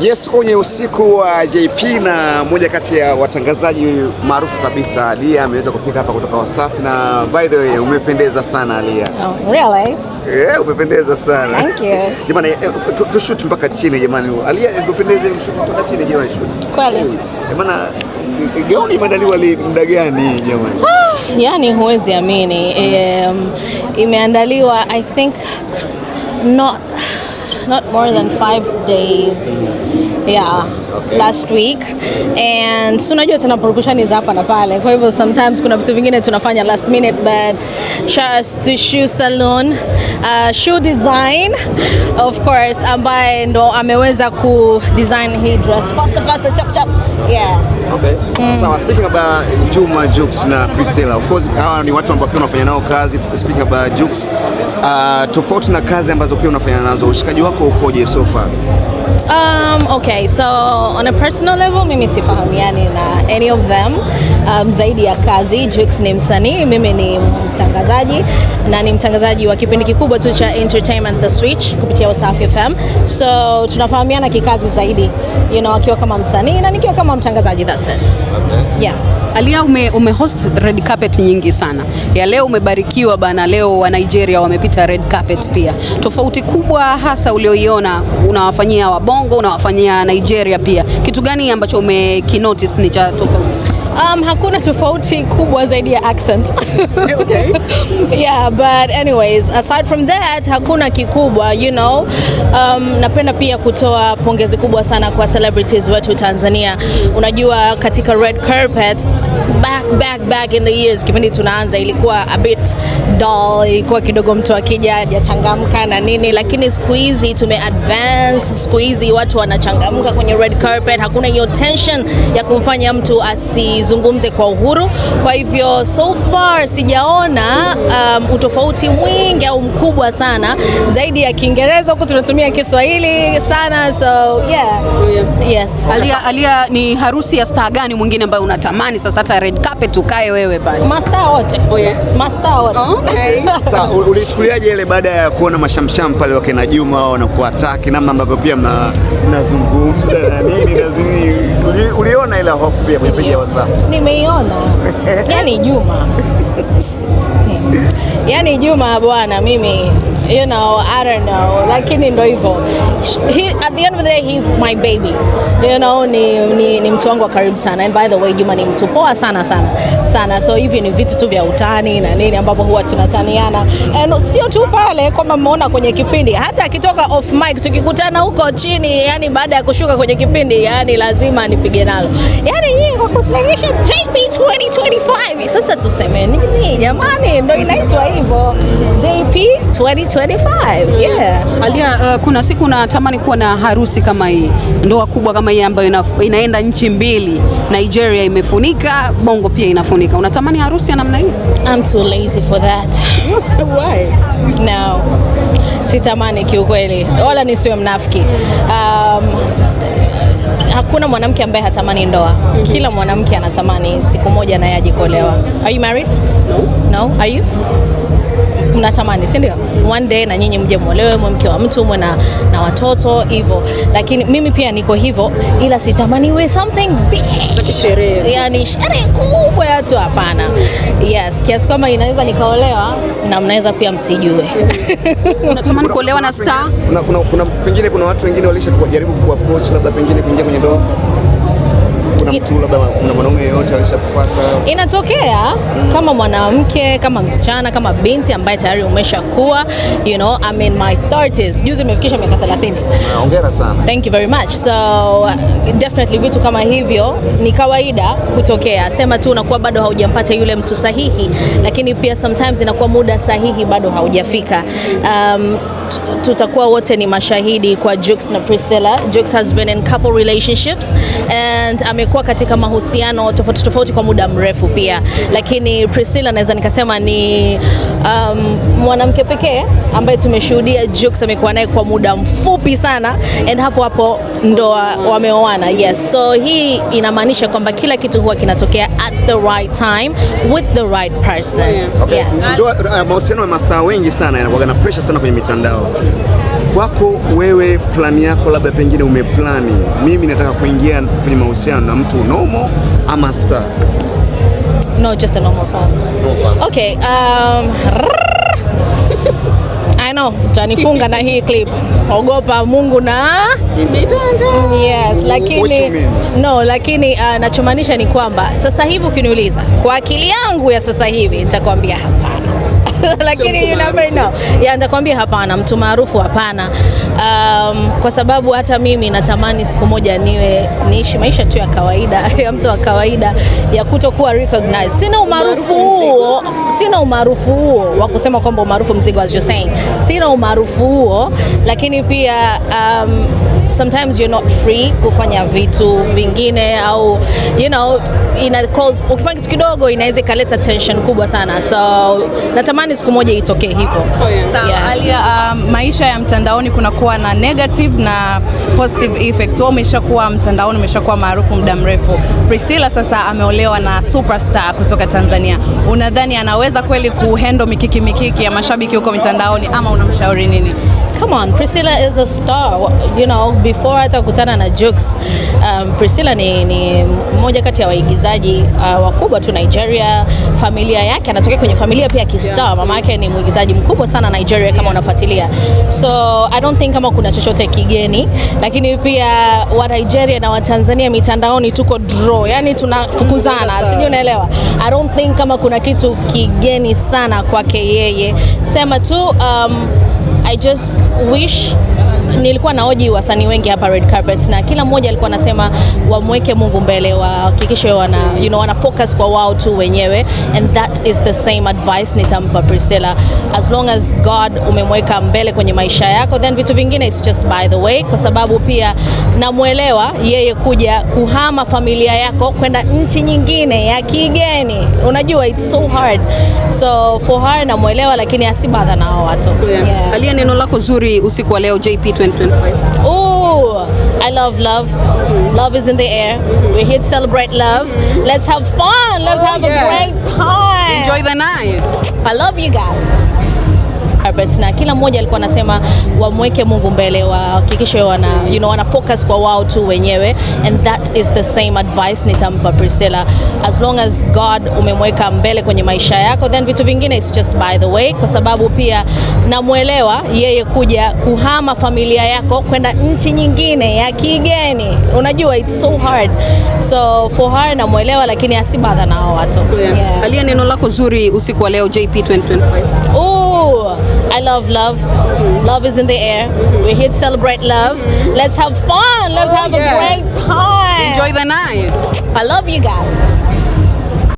Yes, tuko kwenye usiku wa JP na mmoja kati ya watangazaji maarufu kabisa Alia ameweza kufika hapa kutoka Wasafi, na by the way umependeza sana Alia. Oh, really? Yeah, umependeza sana. Thank you. Jamani, eh, shoot mpaka chini jamani. Lia eh, umependeza mpaka chini jamani. Kweli. Jamani, eh, gauni imeandaliwa muda gani jamani? Ah, yaani huwezi amini. Um, imeandaliwa I think not not more than five days yeah okay. last week and unajua tena purukushani za hapa na pale, kwa hivyo sometimes kuna vitu vingine tunafanya last minute, but shout to shoe salon uh, shoe design of course, ambaye ndo ameweza ku design hii dress faster faster chap chap yeah okay mm. So, speaking about Juma jukes na Priscilla, of course hawa ni watu ambao pia unafanya nao kazi. Speaking about jukes uh, tofauti na kazi ambazo pia unafanya nazo, ushikaji wako ukoje so far? Um, okay, so on a personal level mimi sifahamiani na any of them um, zaidi ya kazi. Jux ni msanii, mimi ni mtangazaji na ni mtangazaji wa kipindi kikubwa tu cha Entertainment The Switch kupitia Wasafi FM. So tunafahamiana kikazi zaidi, you know, akiwa kama msanii na nikiwa kama mtangazaji, that's it. Okay. Yeah. Alia, ume, ume host red carpet nyingi sana. Ya leo umebarikiwa bana, leo wa Nigeria wamepita red carpet pia. Tofauti kubwa hasa ulioiona unawafanyia wabongo unawafanyia Nigeria pia, kitu gani ambacho umekinotice ni cha tofauti? Um, hakuna tofauti kubwa zaidi ya accent. Okay. Yeah, but anyways, aside from that hakuna kikubwa, you know. Um, napenda pia kutoa pongezi kubwa sana kwa celebrities wetu Tanzania. Unajua katika red carpet back back back in the years kipindi tunaanza ilikuwa a bit dull, ilikuwa kidogo mtu akija hajachangamka na nini, lakini siku hizi tume advance, siku hizi watu wanachangamka kwenye red carpet, hakuna hiyo tension ya kumfanya mtu asi izungumze kwa uhuru. Kwa hivyo so far sijaona um, utofauti mwingi au mkubwa sana zaidi ya Kiingereza, huku tunatumia Kiswahili sana so yeah. Yes. Alia, Alia, ni harusi ya star gani mwingine ambayo unatamani sasa hata red carpet ukae wewe pale? Mastaa wote. Oh yeah. Mastaa wote. Okay. Sasa ulichukuliaje ile baada ya kuona mashamsham pale wakina Juma wanakuataki namna ambavyo pia mnazungumza na nini na zini uliona ile hope pia kwenye peji ya WhatsApp? Nimeiona yani Juma hmm. yani Juma bwana, mimi you know I don't know, lakini ndo hivyo. At the end of there, he's my baby. You know, ni, ni, ni mtu wangu wa karibu sana. And by the way, Juma ni mtu poa sana sana sana. So hivi ni vitu tu vya utani na nini ambavyo huwa tunataniana, and sio tu pale kwamba mmeona kwenye kipindi, hata akitoka off mic tukikutana huko chini, yani baada ya kushuka kwenye kipindi, yani lazima nipige nalo, yani yeye kwa kuslekesha JP 2025. Sasa tuseme nini jamani, ndio inaitwa hivyo JP 2025. Yeah. Alia, uh, kuna siku natamani kuwa na harusi nafasi kama hii, ndoa kubwa kama hii ambayo ina, inaenda nchi mbili. Nigeria imefunika, Bongo pia inafunika. Unatamani harusi ya namna hii? I'm too lazy for that. Why? No. Sitamani kiukweli, wala nisiwe mnafiki. Um, hakuna mwanamke ambaye hatamani ndoa. mm -hmm. Kila mwanamke anatamani siku moja naye ajikolewa. Are you married? No. No? Are you? mnatamani, si ndio? One day na nyinyi mje muolewe, mwe mke wa mtu, mwe na, na watoto hivyo. Lakini mimi pia niko hivyo, ila sitamani we something big, yani sherehe kubwa ya tu, hapana. Yes, kiasi kwamba inaweza nikaolewa na mnaweza pia msijue. Unatamani kuolewa na star? Kuna, kuna, kuna, pengine kuna watu wengine walishajaribu ku approach labda pengine kuingia kwenye ndoa kuna mtu labda kuna mwanaume yeyote alishakufuata? Inatokea mm. kama mwanamke kama msichana kama binti ambaye tayari umeshakuwa you know I'm in my 30s, juzi nimefikisha miaka 30. Ah, hongera sana. Thank you very much. So definitely vitu kama hivyo ni kawaida kutokea, sema tu unakuwa bado haujampata yule mtu sahihi, lakini pia sometimes inakuwa muda sahihi bado haujafika um, tutakuwa wote ni mashahidi kwa Jux na Priscilla. Jux has been in couple relationships and amekuwa katika mahusiano tofauti tofauti kwa muda mrefu pia, lakini Priscilla naweza nikasema ni um, mwanamke pekee ambaye tumeshuhudia Jux amekuwa naye kwa muda mfupi sana and hapo hapo ndoa wameoana. Yes, so hii inamaanisha kwamba kila kitu huwa kinatokea at the right time with the right person. Okay. Yeah. Ndoa, uh, mahusiano ya mastaa wengi sana yanakuwa na pressure sana kwenye mitandao yao. Kwako wewe, plani yako labda pengine umeplani, mimi nataka kuingia kwenye mahusiano na mtu normal ama star? No, just a normal person. No person. Okay, um, I know, tanifunga na hii clip. Ogopa Mungu na Yes, lakini no, lakini uh, nachomaanisha ni kwamba sasa hivi ukiniuliza kwa akili yangu ya sasa hivi nitakwambia hapa lakini yule ambaye Ya nitakwambia hapana, mtu maarufu hapana. Um, kwa sababu hata mimi natamani siku moja niwe niishi maisha tu ya kawaida ya mtu wa kawaida ya kutokuwa recognized. Sina umaarufu huo, sina umaarufu huo wa kusema kwamba umaarufu mzigo, as you saying, sina umaarufu huo, lakini pia um, sometimes you're not free kufanya vitu vingine au you know, ina cause ukifanya kitu kidogo inaweza ikaleta tension kubwa sana, so natamani siku moja itokee hivyo. Sawa, yeah. Alia, um, maisha ya mtandaoni kunakuwa na negative na positive effects. wao umeshakuwa mtandaoni, umeshakuwa maarufu muda mrefu. Priscilla sasa ameolewa na superstar kutoka Tanzania. Unadhani anaweza kweli kuhandle mikiki mikiki ya mashabiki huko mitandaoni ama unamshauri nini? come on, Priscilla is a star. You know, before hata kukutana na Jux, um, Priscilla ni, ni mmoja kati ya waigizaji uh, wakubwa tu Nigeria. Familia yake anatokea kwenye familia pia kistar, mama yake ni mwigizaji mkubwa sana Nigeria, kama unafuatilia. So I don't think kama kuna chochote kigeni, lakini pia wa Nigeria na wa Tanzania mitandaoni tuko draw, Yaani tunafukuzana, sijui unaelewa. I don't think kama kuna kitu kigeni sana kwake yeye, sema tu um, I just wish nilikuwa na oji wasanii wengi hapa red carpet, na kila mmoja alikuwa anasema wamweke Mungu mbele, wahakikishe wana, you know, wana focus kwa wao tu wenyewe, and that is the same advice nitampa Priscilla. As long as God umemweka mbele kwenye maisha yako, then vitu vingine it's just by the way, kwa sababu pia namwelewa yeye kuja kuhama familia yako kwenda nchi nyingine ya kigeni, unajua it's so hard, so for her namwelewa, lakini asibadha na hao watu. Yeah. Yeah. Alia, neno lako zuri usiku wa leo JP 2025? Oh, I love love. Mm-hmm. Love is in the air. Mm-hmm. We're here to celebrate love. Mm-hmm. Let's have fun. Let's oh, have yeah. a great time. Enjoy the night. I love you guys. carpet na kila mmoja alikuwa anasema wamweke Mungu mbele, wahakikishe wana, you know, wana focus kwa wao tu wenyewe, and that is the same advice nitampa Priscilla. As long as God umemweka mbele kwenye maisha yako, then vitu vingine is just by the way, kwa sababu pia namwelewa yeye kuja kuhama familia yako kwenda nchi nyingine ya kigeni, unajua it's so hard, so for her namwelewa, lakini asibadha na hao watu. Yeah. Yeah. Alia, neno lako zuri usiku wa leo JP 2025. Oh. I love love. Mm-hmm. Love is in the air. Mm-hmm. We're here to celebrate love. Mm-hmm. Let's have fun. Let's oh, have yeah. a great time. Enjoy the night. I love you guys.